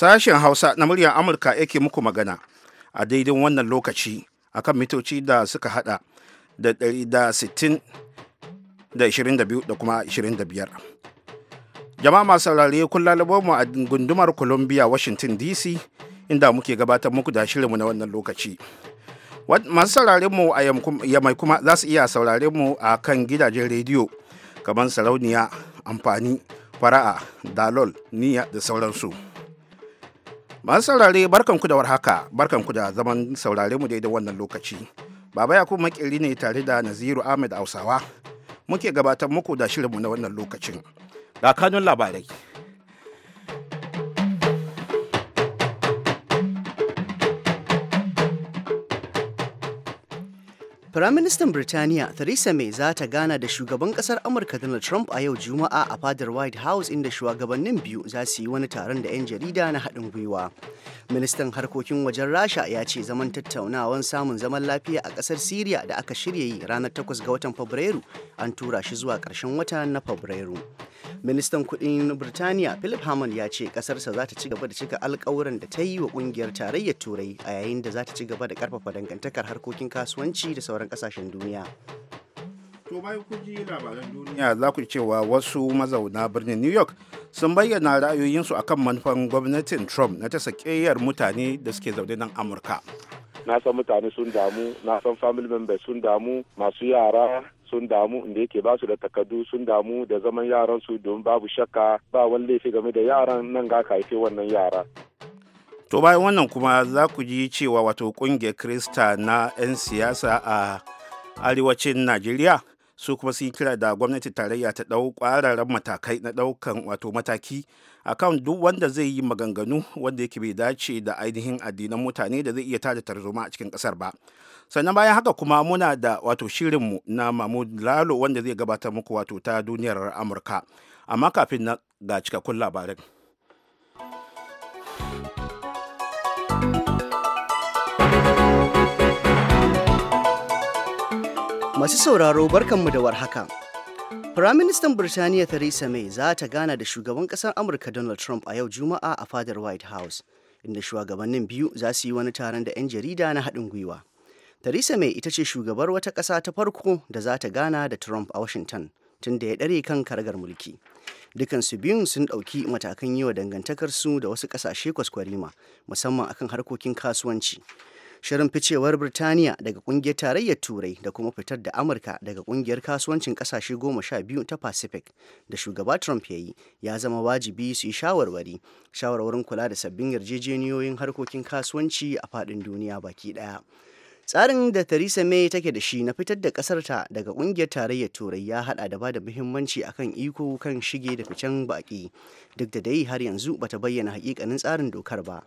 Sashen Hausa na muryar Amurka yake muku magana a daidai wannan lokaci akan mitoci da suka hada da 160 da kuma 25. Jama'a masu saurari kun mu a gundumar Columbia, Washington DC inda muke gabatar muku da shirinmu na wannan lokaci. Masu saurari mu a yamai kuma za su iya saurari mu a kan gidajen rediyo kamar sarauniya amfani fara'a dalol niya da sauransu. masu saurare barkanku da warhaka barkanku da zaman saurare mu daidai wannan lokaci baba ya kuma makiri ne tare da naziru ahmed hausawa muke gabatar muku da shirinmu na wannan lokacin da kanun labarai Firaministan Birtaniya Theresa May za ta gana da shugaban kasar Amurka Donald Trump a yau Juma'a a fadar White House inda shugabannin biyu za su yi wani taron da 'yan jarida na haɗin gwiwa. Ministan harkokin wajen Rasha ya ce zaman tattaunawan samun zaman lafiya a ƙasar Siriya da aka shirya yi ranar 8 ga watan Fabrairu an tura shi zuwa ƙarshen wata na Fabrairu. ministan kudin birtaniya philip hammond ya ce kasarsa za ta ci gaba da cika alkawuran da ta yi wa kungiyar tarayyar turai a yayin da za ta ci gaba da karfafa dangantakar harkokin kasuwanci da sauran kasashen duniya to bai ku ji labaran duniya za ku cewa wasu mazauna birnin new york sun bayyana ra'ayoyinsu kan manufan gwamnatin trump na ta sakeyar mutane da suke zaune nan amurka na san mutane sun damu na san family members sun damu masu yara sun damu inda yake ba su da takardu sun damu da zaman yaran su don babu shakka ba wani laifi game da yaran nan ga haife wannan yara to bayan wannan kuma za ku ji cewa wato kungiyar krista na 'yan siyasa a arewacin najeriya su kuma sun yi kira da gwamnati tarayya ta ɗau ƙwararren matakai na ɗaukan wato mataki a kan duk wanda zai yi maganganu wanda yake bai dace da ainihin addinan mutane da zai iya tada tarzoma a cikin ƙasar ba sannan bayan haka kuma muna da wato shirinmu na mahmud lalo wanda zai gabatar muku wato ta duniyar amurka amma kafin na ga cikakkun labarin Masu sauraro barkanmu da warhaka. Firaministan Birtaniya Theresa May za ta gana da shugaban ƙasar Amurka Donald Trump a yau Juma'a a fadar White House, inda shugabannin biyu za su yi wani taron da 'yan jarida na haɗin gwiwa. Theresa May ita ce shugabar wata ƙasa ta farko da za ta gana da Trump a Washington tun da ya ɗare kan karagar mulki. Dukansu biyun sun ɗauki matakan yi wa dangantakarsu da wasu ƙasashe kwaskwarima musamman akan harkokin kasuwanci shirin ficewar birtaniya daga kungiyar tarayyar turai da kuma fitar da amurka daga kungiyar kasuwancin kasashe goma sha biyu ta pacific da shugaba trump ya yi ya zama wajibi su yi shawarwari shawarwarin kula da sabbin yarjejeniyoyin harkokin kasuwanci a faɗin duniya baki ɗaya tsarin da theresa may take da shi na fitar da kasarta daga kungiyar tarayyar turai ya hada da bada muhimmanci akan iko kan shige da ficen baƙi duk da dai har yanzu bata bayyana hakikanin tsarin dokar ba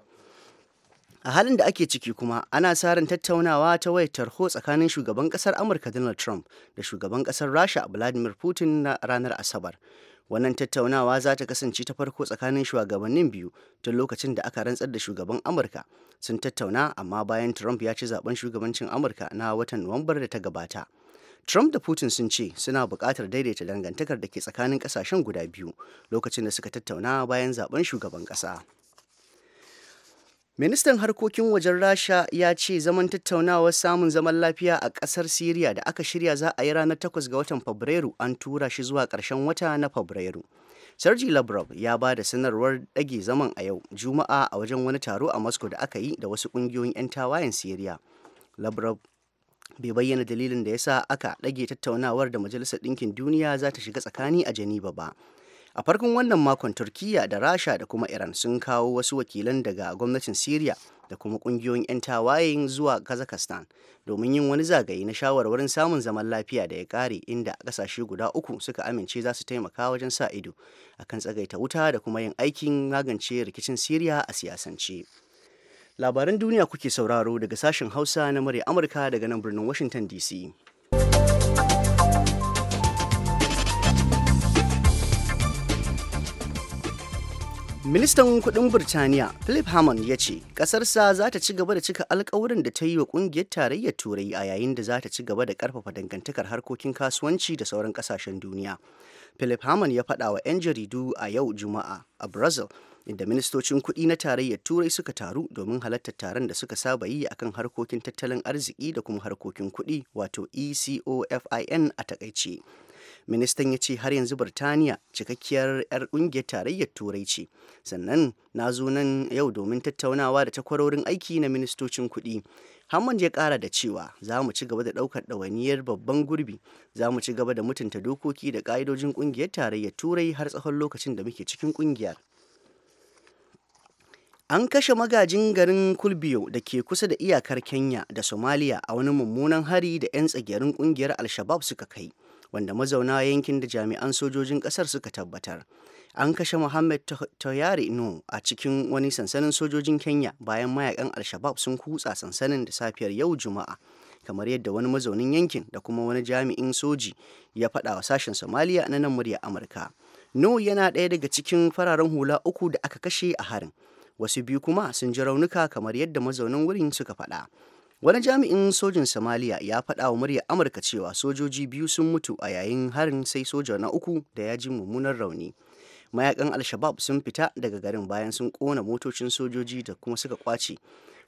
a halin da ake ciki kuma ana tsarin tattaunawa ta wayar tarho tsakanin shugaban kasar amurka donald trump da shugaban kasar rasha vladimir putin na ranar asabar wannan tattaunawa za ta kasance ta farko tsakanin shugabannin biyu tun lokacin da aka rantsar da shugaban amurka sun tattauna amma bayan trump ya ci zaben shugabancin amurka na watan nuwambar da ta gabata Trump da Putin sun ce suna buƙatar daidaita dangantakar da ke tsakanin ƙasashen guda biyu lokacin da suka tattauna bayan zaben shugaban ƙasa. ministan harkokin wajen rasha ya ce zaman tattaunawar samun zaman lafiya a kasar siriya da aka shirya za a yi ranar 8 ga watan fabrairu an tura shi zuwa ƙarshen wata na fabrairu sergi lavrov ya ba da sanarwar ɗage zaman a yau juma'a a wajen wani taro a moscow da aka yi da wasu ƙungiyoyin 'yan tawayen siriya lavrov bai bayyana dalilin da ya sa aka ɗage tattaunawar da majalisar ɗinkin duniya za ta shiga tsakani a geneva ba a farkon wannan makon turkiya da rasha da kuma iran sun kawo wasu wakilan daga gwamnatin syria da kuma kungiyoyin 'yan tawayen zuwa kazakhstan domin yin wani zagaye na shawarwarin samun zaman lafiya da ya kare inda kasashe guda uku suka amince za su taimaka wajen sa ido akan tsagaita wuta da kuma yin aikin magance rikicin syria a siyasance labaran duniya kuke sauraro daga sashen hausa na murya amurka daga nan birnin washington dc Ministan kudin Birtaniya Philip Hammond ya ce ƙasarsa za ta ci gaba da cika alkawarin da ta yi wa ƙungiyar tarayyar Turai a yayin da za ta ci gaba da karfafa dangantakar harkokin kasuwanci da sauran ƙasashen duniya. Philip Hammond ya faɗa wa 'yan jaridu a yau Juma'a a Brazil inda ministocin kuɗi na tarayyar Turai suka taru domin halartar taron da suka saba yi akan harkokin tattalin arziki da kuma harkokin kuɗi wato ECOFIN a takaice. ministan ya ce har yanzu birtaniya cikakkiyar 'yar ƙungiyar tarayyar turai ce sannan na zo nan yau domin tattaunawa da takwarorin aiki na ministocin kuɗi Hammond ya kara da cewa za mu ci gaba da ɗaukar ɗawainiyar babban gurbi za mu ci gaba da mutunta dokoki da ƙa'idojin ƙungiyar tarayyar turai har tsawon lokacin da muke cikin ƙungiyar. An kashe magajin garin Kulbiyo da ke kusa da iyakar Kenya da Somalia a wani mummunan hari da 'yan tsagerin kungiyar al suka kai. wanda mazauna yankin da jami'an sojojin kasar suka tabbatar an kashe Muhammad tayari No a cikin wani sansanin sojojin Kenya bayan mayakan Al-Shabab sun kutsa sansanin da safiyar yau Juma'a. kamar yadda wani mazaunin yankin da kuma wani jami'in soji ya faɗa wa sashen somaliya na nan murya amurka no yana ɗaya daga cikin fararen hula uku da aka kashe a harin wasu biyu kuma sun ji raunuka kamar yadda mazaunin wurin suka faɗa wani jami'in sojin somaliya ya faɗa wa murya amurka cewa sojoji biyu sun mutu a yayin harin sai soja na uku da ya ji mummunan rauni mayakan al-shabab sun fita daga garin bayan sun kona motocin sojoji da kuma suka kwace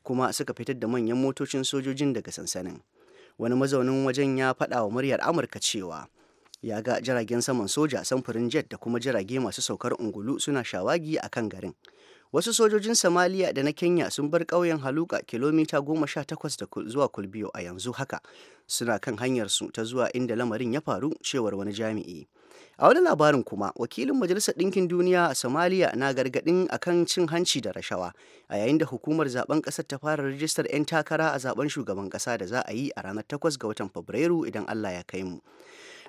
kuma suka fitar da manyan motocin sojojin daga sansanin wani mazaunin wajen ya faɗa wa muryar amurka cewa ya ga jiragen saman soja samfurin jet da kuma jirage masu saukar ungulu suna shawagi a kan garin wasu sojojin somaliya da na kenya sun bar ƙauyen haluka kilomita goma sha takwas da zuwa kulbiyo a yanzu haka suna kan hanyarsu ta zuwa inda lamarin ya faru cewar wani jami'i a wani labarin kuma wakilin majalisar ɗinkin duniya a somaliya na gargaɗin akan cin hanci da rashawa a yayin da hukumar zaben ƙasar ta fara rijistar 'yan takara a zaben shugaban ƙasa da za a yi a ranar takwas ga watan fabrairu idan allah ya kai mu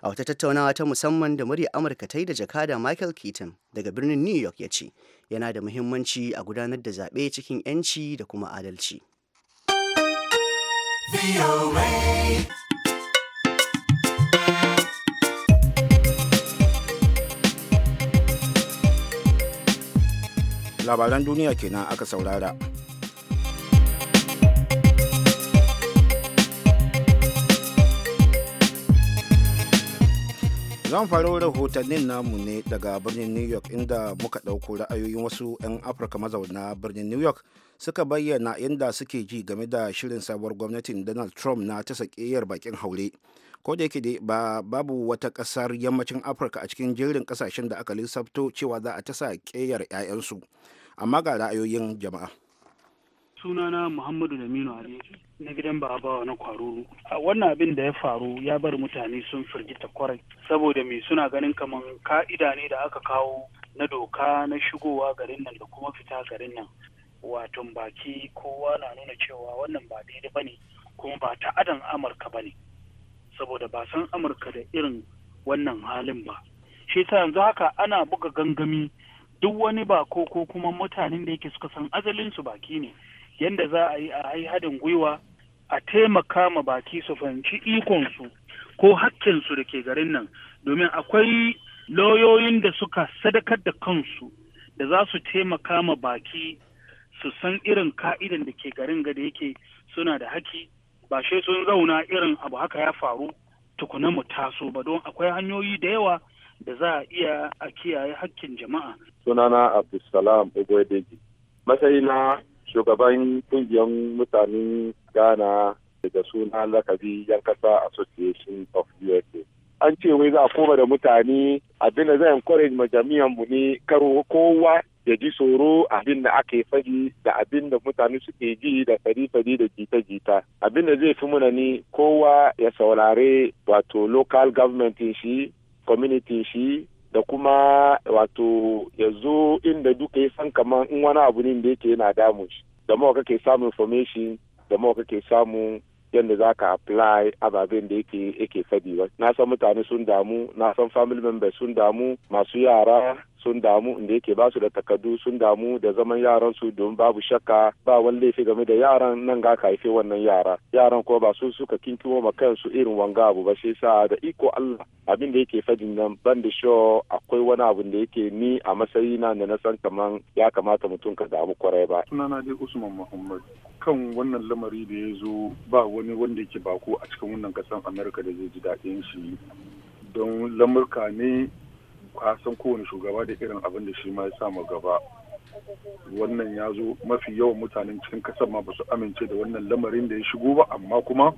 a wata tattaunawa ta musamman da murya amurka ta yi da jakada michael keaton daga birnin new york ya ce yana da muhimmanci a gudanar da zaɓe cikin 'yanci da kuma adalci. Labaran duniya kenan aka saurara. zan faro rahotannin namu ne daga birnin new york inda muka ɗauko ra'ayoyin wasu 'yan afirka mazauna birnin new york suka bayyana inda suke ji game da shirin sabuwar gwamnatin donald trump na ta sakiyar bakin haure ko da yake dai ba babu wata ƙasar yammacin afirka a cikin jerin kasashen da aka lissafto cewa za a ta sa ƙeyar 'ya'yansu amma ga ra'ayoyin jama'a sunana Muhammadu Laminu Ali na gidan Barabawa na Kwaruru. A wannan abin da ya faru ya bar mutane sun firgita kwarai saboda me suna ganin kamar ka'ida ne da aka kawo na doka na shigowa garin nan da kuma fita garin nan. Waton baki kowa na nuna cewa wannan ba daidai ba ne kuma ba ta adan Amurka ba ne. Saboda ba san Amurka da irin wannan halin ba. Shi yanzu haka ana buga gangami duk wani bako ko kuma mutanen da yake suka san azalinsu baki ne yadda za a yi a yi haɗin gwiwa a taimaka ma baki su fahimci ikonsu ko hakkinsu da ke garin nan domin akwai lauyoyin da suka sadakar da kansu da za su taimaka ma baki su san irin ka'idan da ke garin ga da yake suna da haki ba shi sun zauna irin abu haka ya faru tukuna mu taso ba don akwai hanyoyi da yawa da za a iya a kiyaye hakkin jama'a sunana abdulsalam ubaideji na. shugaban kungiyar mutanen ghana daga suna lakabi yan kasa association of usa an ce wai za a koma da mutane abin da zai encourage jami'an mu ne karo kowa ya ji tsoro abin da aka yi da abin da mutane suke ji da fari-fari da jita-jita abin da zai fi muna ni kowa ya saurare wato local government shi community shi da kuma wato ya zo inda duka ya san kamar in wani abu ne da yake yana damun shi da mawa kake samu information da mawa kake samu yadda za ka apply ababen da yake yake fadi na san mutane sun damu na san family members sun damu masu yara sun damu inda yake ba su da takardu sun damu da zaman yaran su don babu shakka ba wani laifi game da yaran nan ga ka haife wannan yara yaran ko ba su suka kinkimo ma kansu irin wanga abu ba shi sa da iko Allah abin da yake fadin nan ban da sho akwai wani abu da yake ni a matsayi na da na san kaman ya kamata mutum ka damu kwarai ba sunana dai Usman Muhammad kan wannan lamari da ya zo ba wani wanda yake bako a cikin wannan kasan Amerika da zai ji daɗin shi don lamurka ne ka san kowane shugaba da irin abin da shi ma ya samu gaba wannan ya zo mafi yawan mutanen cikin kasar ma ba su amince da wannan lamarin da ya shigo ba amma kuma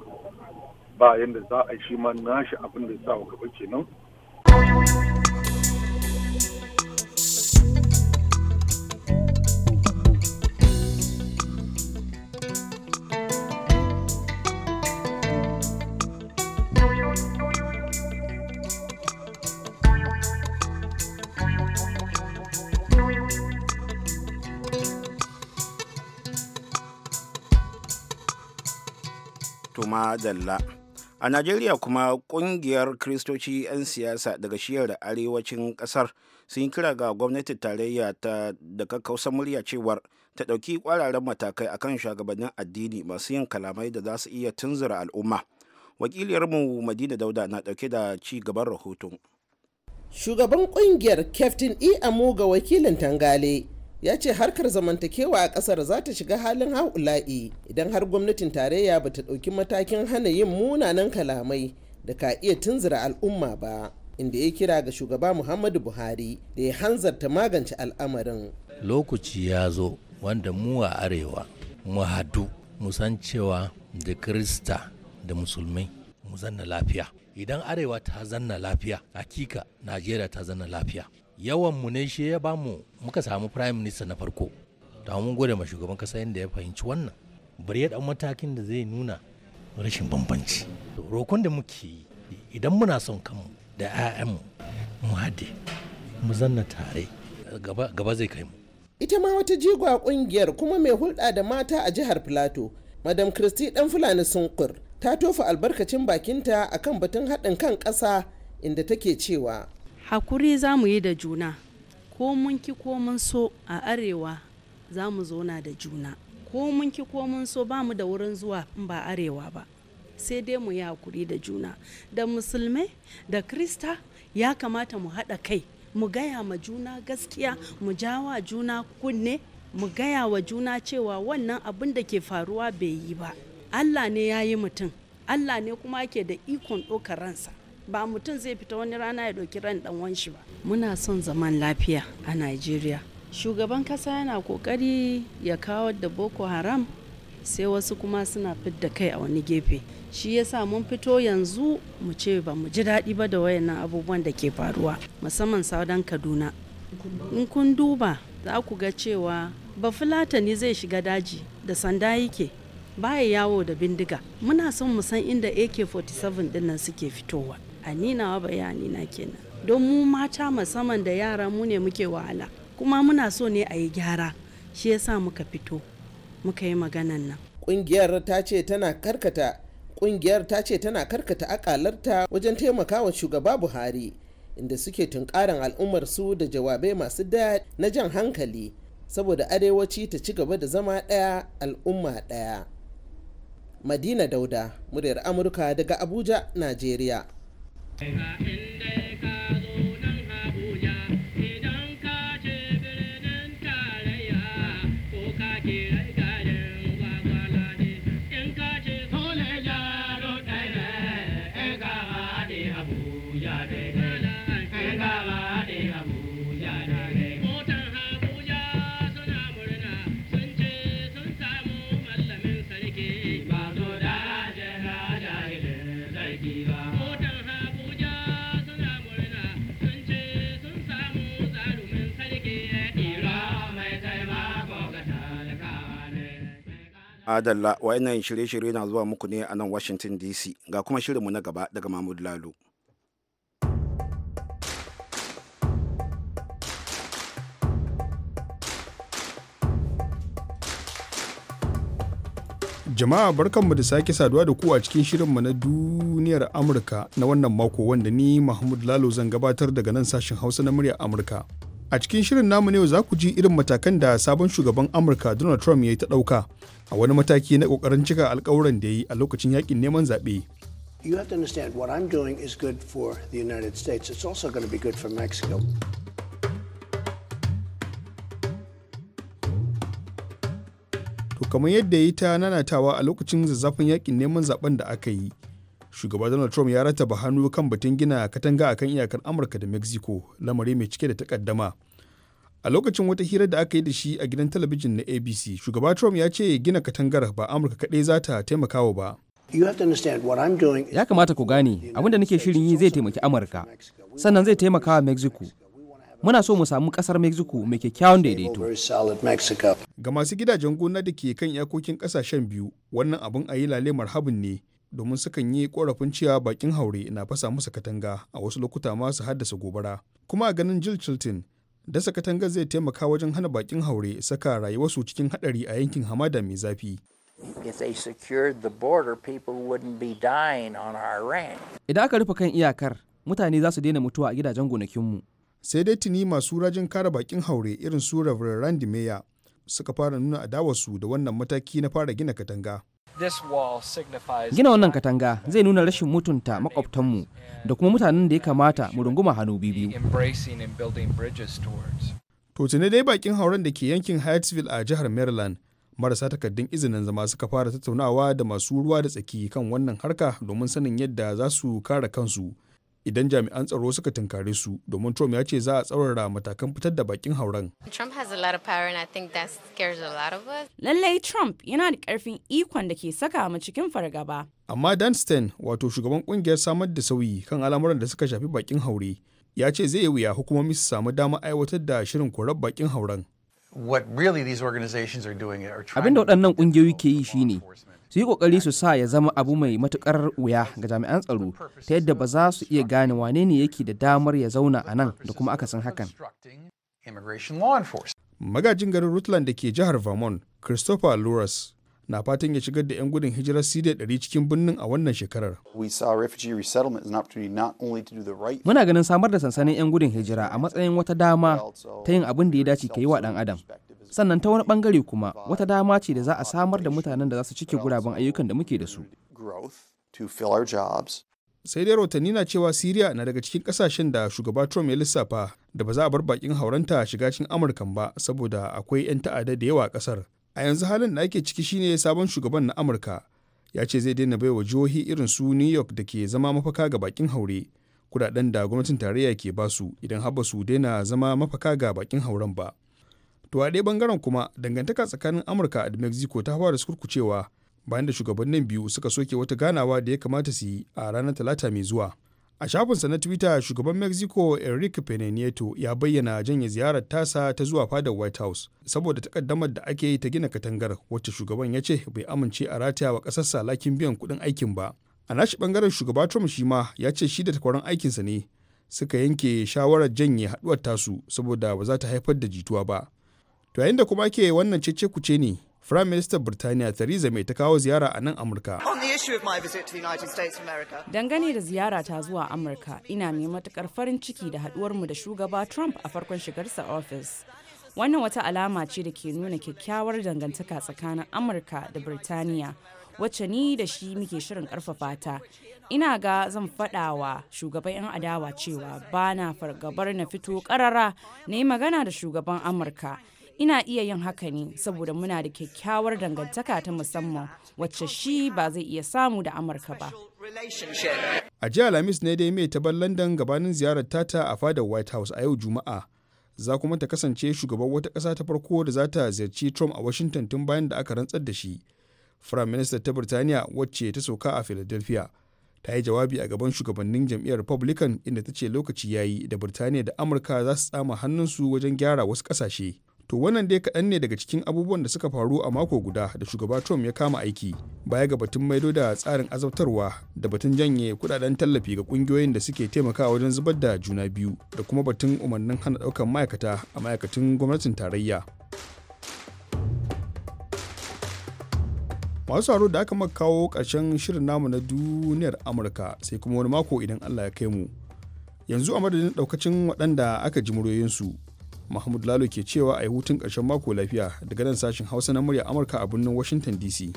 ba yadda za a yi shi ma nashi abin da ya sa gaba kenan. zalla a najeriya kuma kungiyar kristoci 'yan siyasa daga shiyar arewacin kasar sun yi kira ga gwamnatin tarayya ta da kakkausar murya cewar ta ɗauki ƙwararren matakai akan shugabannin addini masu yin kalamai da za su iya tunzura al'umma wakiliyarmu madina dauda na ɗauke da ci gaban rahoton shugaban kungiyar captain e amuga wakilin tangale ya ce harkar zamantakewa a kasar za ta shiga halin haula'i idan har gwamnatin tarayya ba ta ɗauki matakin hana yin munanan kalamai da ka iya tunzura al'umma ba inda ya kira ga shugaba muhammadu buhari da ya hanzarta magance al'amarin lokaci ya zo wanda mu a arewa mu hadu mu san cewa da krista da musulmai mu zanna lafiya idan arewa ta zanna lafiya hakika najeriya ta zanna lafiya yawan mu ne shi ya ba mu muka samu prime minister na farko ta mun gode ma shugaban kasa yadda ya fahimci wannan bari ya dan matakin da zai nuna rashin bambanci rokon da muke yi idan muna son kanmu da 'ya'yanmu mu hade mu zanna tare gaba zai kai mu ita ma wata jigwa kungiyar kuma mai hulɗa da mata a jihar filato madam kristi dan fulani sunkur ta tofa albarkacin bakinta akan batun haɗin kan ƙasa inda take cewa hakuri za mu yi da juna ko mun ki ko mun so a arewa za mu zauna da juna ko mun ki ko mun so ba mu da wurin zuwa ba arewa ba sai dai mu yi hakuri da juna da musulmai da krista ya kamata mu haɗa kai mu gaya ma juna gaskiya mu jawa juna kunne mu gaya wa juna cewa wannan abin da ke faruwa bai yi ba allah ne ya yi mutum allah ne kuma ke da ikon ɗaukar ransa ba mutum zai fita wani rana ya ɗauki ran ɗan wanshi ba muna son zaman lafiya a najeriya shugaban ƙasa yana kokari ya kawo da boko haram sai wasu kuma suna fidda kai a wani gefe shi yasa mun fito yanzu mu ce ba mu ji daɗi ba da wayannan abubuwan da ke faruwa musamman saudan kaduna in kun duba za ku ga cewa ba fulatani zai shiga daji da sanda yake baya yawo da bindiga muna son mu san inda ak-47 dinnan suke fitowa a ninawa bayani na kenan don mu mata musamman da yara mu ne muke wahala kuma muna so ne a yi gyara shi yasa muka fito muka yi maganan nan kungiyar ta ce tana karkata kungiyar ta ce tana karkata akalarta wajen taimakawa shugaba buhari inda suke tunkaran al'ummar su da jawabai masu daɗi na jan hankali saboda arewaci ta ci gaba da zama ɗaya al'umma ɗaya madina dauda muryar amurka daga abuja najeriya Hey. Adalla wa'annan shirye-shirye na zuwa muku ne a nan Washington DC ga kuma shirinmu na gaba daga Mahmud Lalo. Jama'a barkanmu da sake saduwa da ku a cikin shirinmu na duniyar Amurka na wannan mako wanda ni Mahmud Lalo zan gabatar daga nan sashen Hausa na muryar Amurka. A cikin shirin namu ne za ku ji irin matakan da sabon shugaban Amurka Donald Trump ya yi ta ɗauka a wani mataki na kokarin cika alkawuran da ya yi a lokacin yakin neman zaɓe. You have to understand what I'm doing is good for the United States. It's also going to be good for Mexico. To kamar yadda ya yi ta nanatawa a lokacin zazzafin yakin neman zaben da aka yi, shugaba Donald Trump ya rataba hannu kan batun gina katanga akan iyakar Amurka da Mexico, lamari mai cike da takaddama. a lokacin wata hira da aka yi da shi a gidan talabijin na abc shugaba trump ya ce gina katangar ba amurka kaɗai za ta taimakawa ba ya kamata ku gane abin da nake shirin yi zai taimaki amurka sannan zai taimaka wa mexico muna so mu samu kasar mexico mai kyakkyawan daidaito ga masu gidajen gona da ke kan iyakokin kasashen biyu wannan abin a yi lale marhabin ne domin sukan yi korafin cewa bakin haure na fasa musu katanga a wasu lokuta masu haddasa gobara kuma a ganin jill chilton dasa katanga zai taimaka wajen hana bakin haure saka rayuwarsu cikin hadari a yankin hamada mai zafi idan aka rufe kan iyakar mutane za su daina mutuwa a gidajen gonakinmu sai dai tuni masu rajin kare bakin haure irin su Reverend Randy Meyer suka fara nuna adawarsu da wannan mataki na fara gina katanga. Gina wannan katanga zai nuna rashin mutunta makwabtanmu da kuma mutanen da ya kamata mu runguma hannu biyu. To ne dai bakin hauren da ke yankin Hyattsville a jihar Maryland marasa takardun izinin zama suka fara tattaunawa da masu ruwa da tsaki kan wannan harka domin sanin yadda za su kare kansu idan jami'an tsaro suka tunkare su domin Trump ya ce za a tsaurara matakan fitar da bakin hauren. Lallai Trump yana da karfin ikon da ke saka mu cikin fargaba. Amma Dan Stein wato shugaban kungiyar samar da sauyi kan al'amuran da suka shafi bakin haure ya ce zai yi wuya hukumomi su samu dama aiwatar da shirin korar bakin hauren. Abin da waɗannan ƙungiyoyi ke yi shine su yi kokari su sa ya zama abu mai matukar wuya ga jami'an tsaro ta yadda ba za su iya gane wane ne yake da damar ya zauna a nan da kuma akasin hakan magajin garin rutland da ke jihar vermont christopher lewis na fatan ya shigar da 'yan gudun hijirar sida 100 cikin birnin a wannan shekarar. Muna ganin samar da sansanin 'yan gudun hijira a matsayin wata dama ta yin abin da ya dace ka yi wa dan adam sannan ta wani bangare kuma wata dama ce da za a samar da mutanen da za su cike guraben ayyukan da muke da su sai dai rahotanni na cewa siriya na daga cikin kasashen da shugaba trump ya lissafa da ba za a bar bakin hauranta shiga cikin amurkan ba saboda akwai 'yan ta'ada da yawa a kasar a yanzu halin da ake ciki shine sabon shugaban na amurka ya ce zai daina baiwa jihohi irin su new york da ke zama mafaka ga bakin haure kudaden da gwamnatin tarayya ke basu idan har su daina zama mafaka ga bakin hauren ba To a ɗaya ɓangaren kuma dangantaka tsakanin Amurka da Mexico ta fara surkucewa bayan da shugabannin biyu suka soke wata ganawa da ya kamata su yi a ranar Talata mai zuwa. A shafinsa na Twitter shugaban Mexico Enrique Pena Nieto ya bayyana janye ziyarar tasa ta zuwa fadar White House saboda takaddamar da ake yi ta gina katangar wacce shugaban ya ce bai amince a rataya wa ƙasarsa lakin biyan kuɗin aikin ba. A nashi ɓangaren shugaba Trump shi ma ya ce shi da takwaran aikinsa ne suka yanke shawarar janye haɗuwar tasu saboda ba za ta haifar da jituwa ba. to yayin da kuma ake wannan cece kuce ne Prime Ministan Birtaniya Theresa May ta kawo ziyara a nan Amurka. Dangane da ziyara ta zuwa Amurka, ina mai matukar farin ciki da mu da shugaba Trump a farkon shigarsa ofis. Wannan wata alama ce da ke nuna kyakkyawar dangantaka tsakanin Amurka da Birtaniya, wacce ni da shi muke shirin karfafa ta. Ina ga zan faɗa wa shugaban 'yan adawa cewa ba na fargabar na fito karara na yi magana da shugaban Amurka. ina iya yin haka ne saboda muna da kyakkyawar dangantaka ta musamman wacce shi ba zai iya samu da amurka ba a jiya alhamis ne dai mai taban london gabanin ziyarar tata a fadar white house a yau juma'a za kuma ta kasance shugaban wata ƙasa ta farko da za ta ziyarci trump a washington tun bayan da aka rantsar da shi firayim minista ta birtaniya wacce ta sauka a philadelphia ta yi jawabi a gaban shugabannin jam'iyyar republican inda ta ce lokaci ya yi da birtaniya da amurka za su tsama hannunsu wajen gyara wasu ƙasashe to wannan dai kaɗan ne daga cikin abubuwan da suka faru a mako guda da shugaba trump ya kama aiki baya ga batun maido da tsarin azabtarwa da batun janye kudaden tallafi ga kungiyoyin da suke taimakawa wajen zubar da juna biyu da kuma batun umarnin hana ɗaukar ma'aikata a ma'aikatan gwamnatin tarayya masu taro da aka maka kawo ƙarshen shirin namu na duniyar amurka sai kuma wani mako idan allah ya kai mu yanzu a madadin ɗaukacin waɗanda aka ji muryoyinsu mahmud lalo ke cewa a yi hutun ƙarshen mako lafiya daga nan sashen hausa na murya amurka a birnin washington dc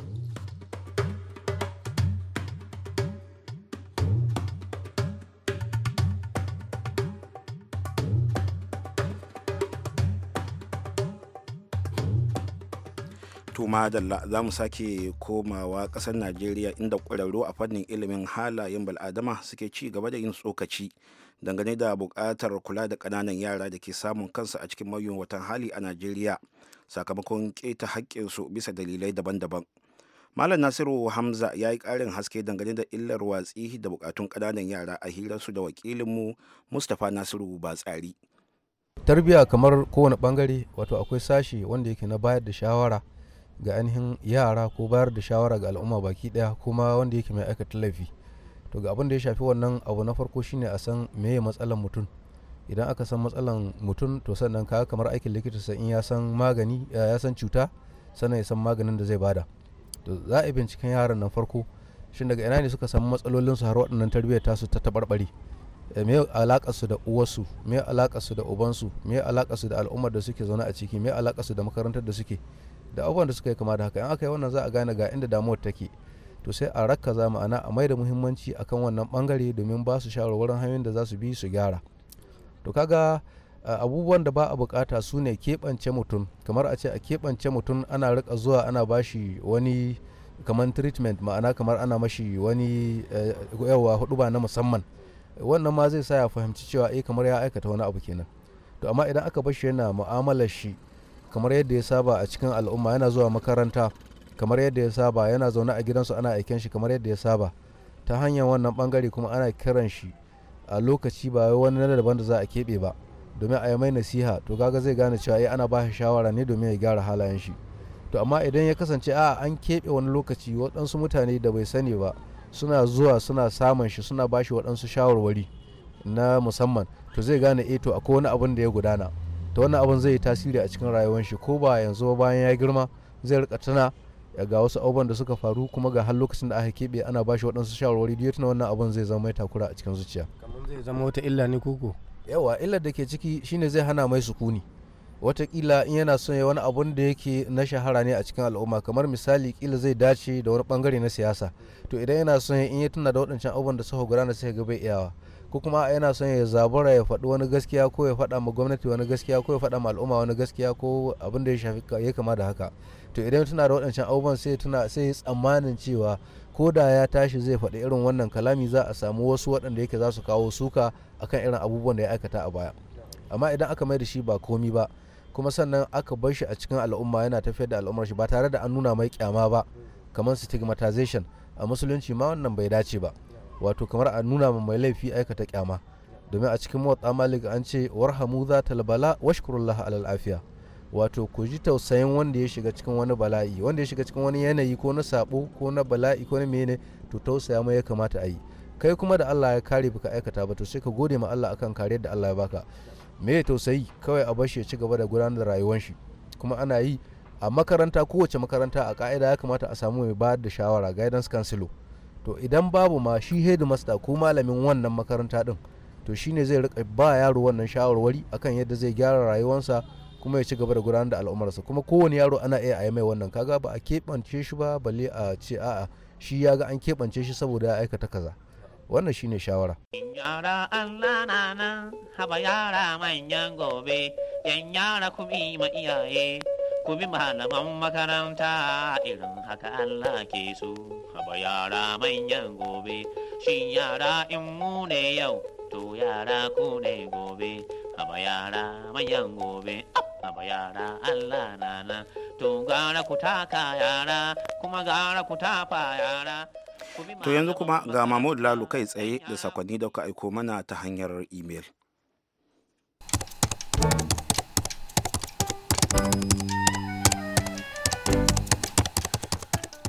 to madalla za mu sake komawa ƙasar najeriya inda ƙwararru a fannin ilimin halayen bal'adama suke ci gaba da yin tsokaci dangane da buƙatar kula da ƙananan yara da ke samun kansu a cikin watan hali a najeriya sakamakon keta haƙƙinsu bisa dalilai daban-daban malam nasiru hamza ya yi ƙarin haske dangane da illar watsi da buƙatun ƙananan yara a hirarsu da wakilinmu mustapha nasiru batsari tarbiyya kamar kowane bangare wato akwai sashi wanda yake na bayar da shawara ga ainihin yara ko bayar da shawara ga al'umma baki daya kuma wanda yake mai aikata laifi to ga abin da ya shafi wannan abu na farko shine a san meye matsalan mutum idan aka san matsalan mutum to sannan ka kamar aikin likita sai in ya san magani eh, ya san cuta sannan ya san maganin da zai bada to za a binciken yaran nan farko shin daga ina ne suka san matsalolin su har waɗannan tarbiyyar tasu ta tabarbare eh, me alakar su da uwarsu me alakar su da ubansu me alakar su da al'ummar da suke zaune a ciki me alakar su da makarantar da suke da abubuwan da suka yi kama da haka in aka yi wannan za a gane ga inda damuwar take to sai a rakka za ma'ana a mai da muhimmanci akan wannan bangare domin ba su shawarwarin hanyoyin da za su bi su gyara to kaga abubuwan da ba a bukata su ne keɓance mutum kamar a ce a keɓance mutum ana rika zuwa ana bashi wani kamar treatment ma'ana kamar ana mashi wani e, yawa hudu ba na musamman wannan ma zai sa ya fahimci cewa eh kamar ya aikata wani abu kenan to amma idan aka bar shi yana mu'amalar shi kamar yadda ya saba a cikin al'umma yana zuwa makaranta kamar yadda ya saba yana zaune a gidansu ana aiken shi kamar yadda ya saba ta hanyar wannan bangare kuma ana kiran shi a lokaci ba wani na daban da za a keɓe ba domin a yi mai nasiha to kaga zai gane cewa eh, ana ba shi shawara ne domin ya gyara halayen shi to amma idan ya kasance a an keɓe wani lokaci waɗansu mutane da bai sani ba suna zuwa suna samun shi suna ba shi waɗansu shawarwari na musamman to zai gane eto eh, akwai wani abin da ya gudana ta wannan abin zai yi tasiri a cikin rayuwar shi ko ba yanzu ba bayan ya girma zai rika tana ga wasu abubuwan da suka faru kuma ga har lokacin da aka keɓe ana bashi waɗansu shawarwari duk tana wannan abin zai zama mai takura a cikin zuciya kamar zai zama wata illa ne koko yawa illar da ke ciki shine zai hana mai sukuni watakila in yana son ya wani abun da yake na shahara ne a cikin al'umma kamar misali kila zai dace da wani bangare na siyasa to idan yana son in ya tuna da waɗancan abubuwan da suka gudana sai ga bai iyawa ko kuma yana son ya zabura ya faɗi wani gaskiya ko ya faɗa ma gwamnati wani gaskiya ko ya faɗa ma al'umma wani gaskiya ko abin da ya shafi ya kama da haka to idan tuna da waɗancan abubuwan sai tuna sai ya tsammanin cewa ko da ya tashi zai faɗi irin wannan kalami za a samu wasu waɗanda yake za su kawo suka akan irin abubuwan da ya aikata a baya amma idan aka mai da shi ba komi ba kuma sannan aka bar shi a cikin al'umma yana tafiyar da al'ummar shi ba tare da an nuna mai kyama ba kamar stigmatization a musulunci ma wannan bai dace ba wato kamar a nuna ma mai laifi aikata kyama domin a cikin motsa malik an ce warhamu za ta labala washkurullah alal afiya wato ku ji tausayin wanda ya shiga cikin wani bala'i wanda ya shiga cikin wani yanayi ko na sabo ko na bala'i ko na mene to tausaya mai ya kamata a yi kai kuma da Allah ya kare baka aikata ba to sai ka gode ma Allah akan kare da Allah ya baka me ya tausayi kawai a bashi ya ci gaba da gudanar da rayuwar shi kuma ana yi a makaranta kowace makaranta a ka'ida ya kamata a samu mai bayar da shawara guidance counselor to idan babu ma shi headmaster ko malamin wannan makaranta din to shine zai rika ba yaro wannan shawarwari akan yadda zai gyara rayuwarsa kuma ya ci gaba da gudanar da al'umarsa kuma kowane yaro ana iya a yi mai wannan kaga ba a keɓance shi ba balle a ce a'a shi ya ga an keɓance shi saboda ya aikata kaza wannan shine shawara yara Allah na nan haba yara manyan gobe yan yara kuma ma iyaye ku bi malaman makaranta irin haka Allah ke so, haba yara manyan gobe, shin yara in mu ne yau, to yara ku ne gobe, haba yara manyan gobe, haba yara Allah nana, to gara ku taka yara, kuma gara ku tafa yara. To yanzu kuma ga Mahmud Lalu kai tsaye da sakonni da ka aiko mana ta hanyar imel.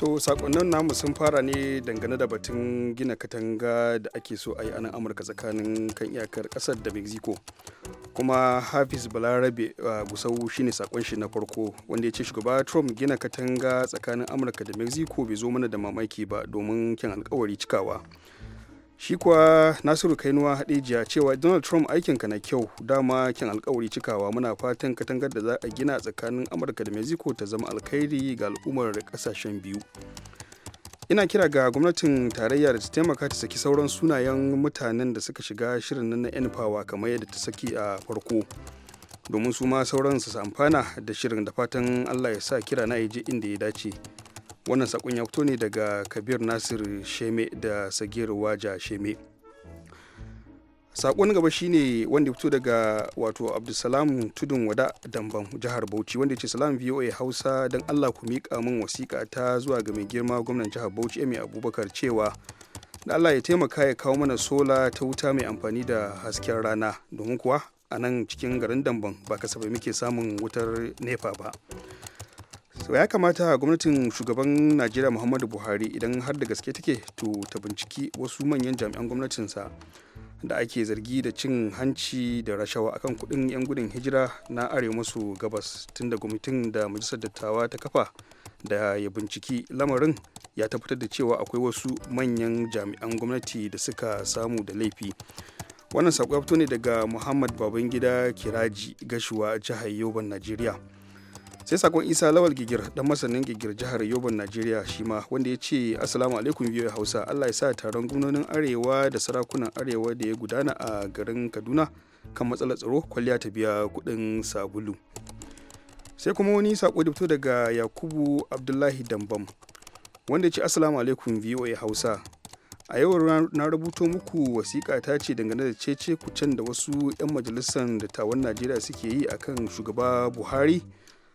to sakonnin namu sun fara ne dangane da batun gina katanga da ake so a yi anan amurka tsakanin kan iyakar kasar da mexico kuma hafiz balarabe gusau shine sakon shi na farko wanda ya ce shugaba trump gina katanga tsakanin amurka da mexico bai zo mana da mamaki ba domin kyan alkawari cikawa shi kuwa nasiru kainuwa jiya cewa donald trump aikinka na kyau dama kin alkawari cikawa muna fatan katangar da za a gina tsakanin amurka da mexico ta zama alkhairi ga al'ummar kasashen biyu ina kira ga gwamnatin tarayya da ta taimaka ta saki sauran sunayen mutanen da suka shiga shirin nan na fawa kamar yadda ta saki a farko domin su ma sauran su amfana da shirin da fatan allah ya sa kira na je inda ya dace wannan sakon ya fito ne daga kabir nasir sheme da sagir waja sheme sakon gaba shine wanda ya fito daga wato abdulsalam tudun wada damban jihar bauchi wanda ya ce salam voa hausa don allah ku miƙa min wasiƙa ta zuwa ga mai girma gwamnan jihar bauchi mai abubakar cewa da allah ya taimaka ya kawo mana sola ta wuta mai amfani da hasken rana domin kuwa a nan cikin garin damban ba kasafai muke samun wutar nefa ba sau ya kamata gwamnatin shugaban najeriya muhammadu buhari idan har da gaske take to ta binciki wasu manyan jami'an gwamnatinsa da ake zargi da cin hanci da rashawa akan kudin 'yan gudun hijira na arewa maso gabas tun da gwamnatin da majalisar dattawa ta kafa da ya binciki lamarin ya tabbatar da cewa akwai wasu manyan jami'an gwamnati da suka samu da laifi wannan saƙo ne daga muhammad babangida kiraji gashuwa jihar yoban najeriya sai sakon isa lawal gigir dan masanin gigir jihar yobon najeriya shi ma wanda ya ce assalamu alaikum biyu hausa allah ya sa taron gwamnonin arewa da sarakunan arewa da ya gudana a garin kaduna kan matsalar tsaro kwalliya ta biya kudin sabulu sai kuma wani sako da fito daga yakubu abdullahi dambam wanda ya ce assalamu alaikum biyu hausa a yau na rubuto muku wasiƙa ta ce dangane da cece kucen da wasu 'yan majalisar dattawan najeriya suke yi akan shugaba buhari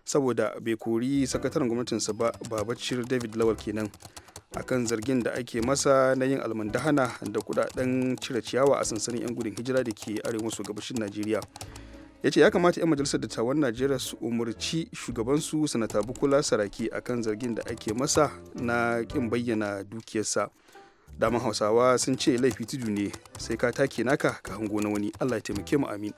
saboda bai kori sakataren gwamnatinsa ba babacir david lawal kenan akan zargin da ake masa na yin almandahana da kudaden cire ciyawa a sansanin 'yan gudun hijira da ke arewa su gabashin najeriya ya ce ya kamata 'yan majalisar dattawan najeriya su umarci shugabansu sanata bukula saraki akan zargin da ake masa na kin bayyana dukiyarsa daman hausawa sun ce laifi tudu ne sai ka take naka ka hango na wani allah ya taimake mu amin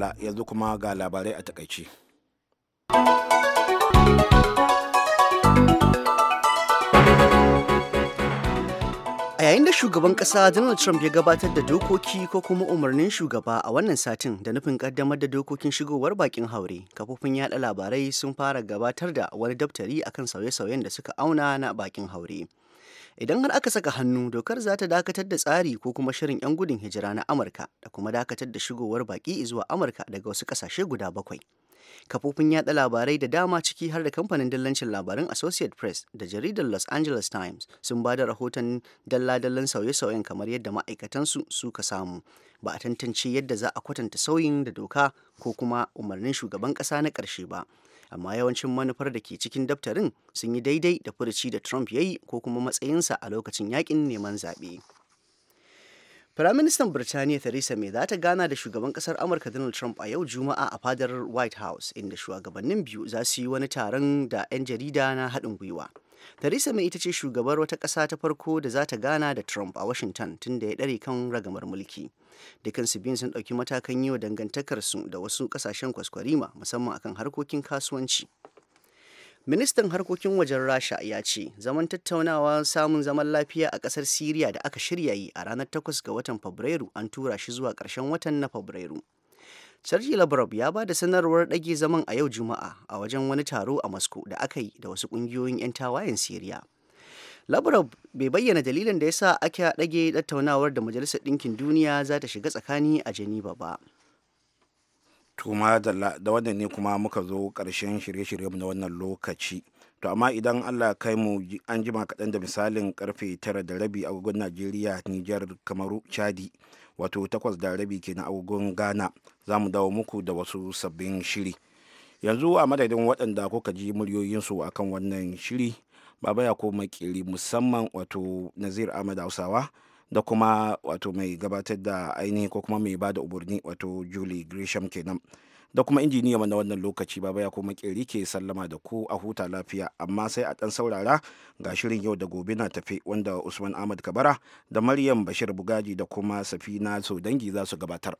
yanzu kuma ga labarai a takaici. a yayin da shugaban kasa donald trump ya gabatar da dokoki ko kuma umarnin shugaba a wannan satin da nufin kaddamar da dokokin shigowar bakin haure kafofin yada labarai sun fara gabatar da wani daftari akan sauye-sauyen da suka auna na bakin haure Idan har aka saka hannu dokar za ta dakatar da tsari ko kuma shirin 'yan gudun hijira na Amurka da kuma dakatar da shigowar baƙi zuwa Amurka daga wasu kasashe guda bakwai. Kafofin yada labarai da dama ciki har da kamfanin dallancin labarin Associate Press da jaridar Los Angeles Times sun ba da rahoton dalla-dallan sauye-sauyen kamar yadda ma'aikatansu suka samu. Ba a tantance yadda za a kwatanta sauyin da doka ko kuma umarnin shugaban ƙasa na ƙarshe ba. amma yawancin manufar da ke cikin daftarin sun yi daidai da furuci da trump ya yi ko kuma matsayinsa a lokacin yakin neman zaɓe Firaministan Birtaniya Theresa May za ta gana da shugaban kasar Amurka Donald Trump a yau Juma'a a fadar White House inda shugabannin biyu za su yi wani taron da 'yan jarida na haɗin gwiwa. Theresa May ita ce shugabar wata ƙasa ta farko da za ta gana da Trump a Washington tun da ya ɗare kan ragamar mulki. su biyun sun ɗauki matakan yi wa dangantakarsu da wasu ƙasashen kwaskwarima musamman akan harkokin kasuwanci ministan harkokin wajen rasha ya ce zaman tattaunawa samun zaman lafiya a ƙasar siriya da aka shirya yi a ranar 8 ga watan fabrairu an tura shi zuwa ƙarshen watan na fabrairu Sergei labarab ya ba da sanarwar ɗage zaman a yau Juma'a a wajen wani taro a Moscow da aka yi da wasu ƙungiyoyin 'yan tawayen Siriya. lavrov bai bayyana dalilin da ya sa ake ɗage tattaunawar da majalisar ɗinkin duniya za ta shiga tsakani a geneva ba tuma da wannan ne kuma muka zo ƙarshen shirye-shiryenmu na wannan lokaci to amma idan allah kai mu an jima kaɗan da misalin karfe tara da rabi agogon najeriya nijar kamaru chadi wato takwas da rabi ke na agogon ghana za mu dawo muku da wasu sabbin shiri yanzu a madadin waɗanda kuka ji muryoyinsu akan wannan shiri baba ya maƙeri musamman wato nazir ahmed hausawa da kuma wato mai gabatar da ainihi ko kuma mai bada umarni wato julie gresham kenan da kuma injiniya na wannan lokaci baba ya koma makeri ke sallama da ku a huta lafiya amma sai a dan saurara ga shirin yau da gobe na tafe wanda usman ahmad kabara da maryam bashir bugaji da kuma safina so dangi za su gabatar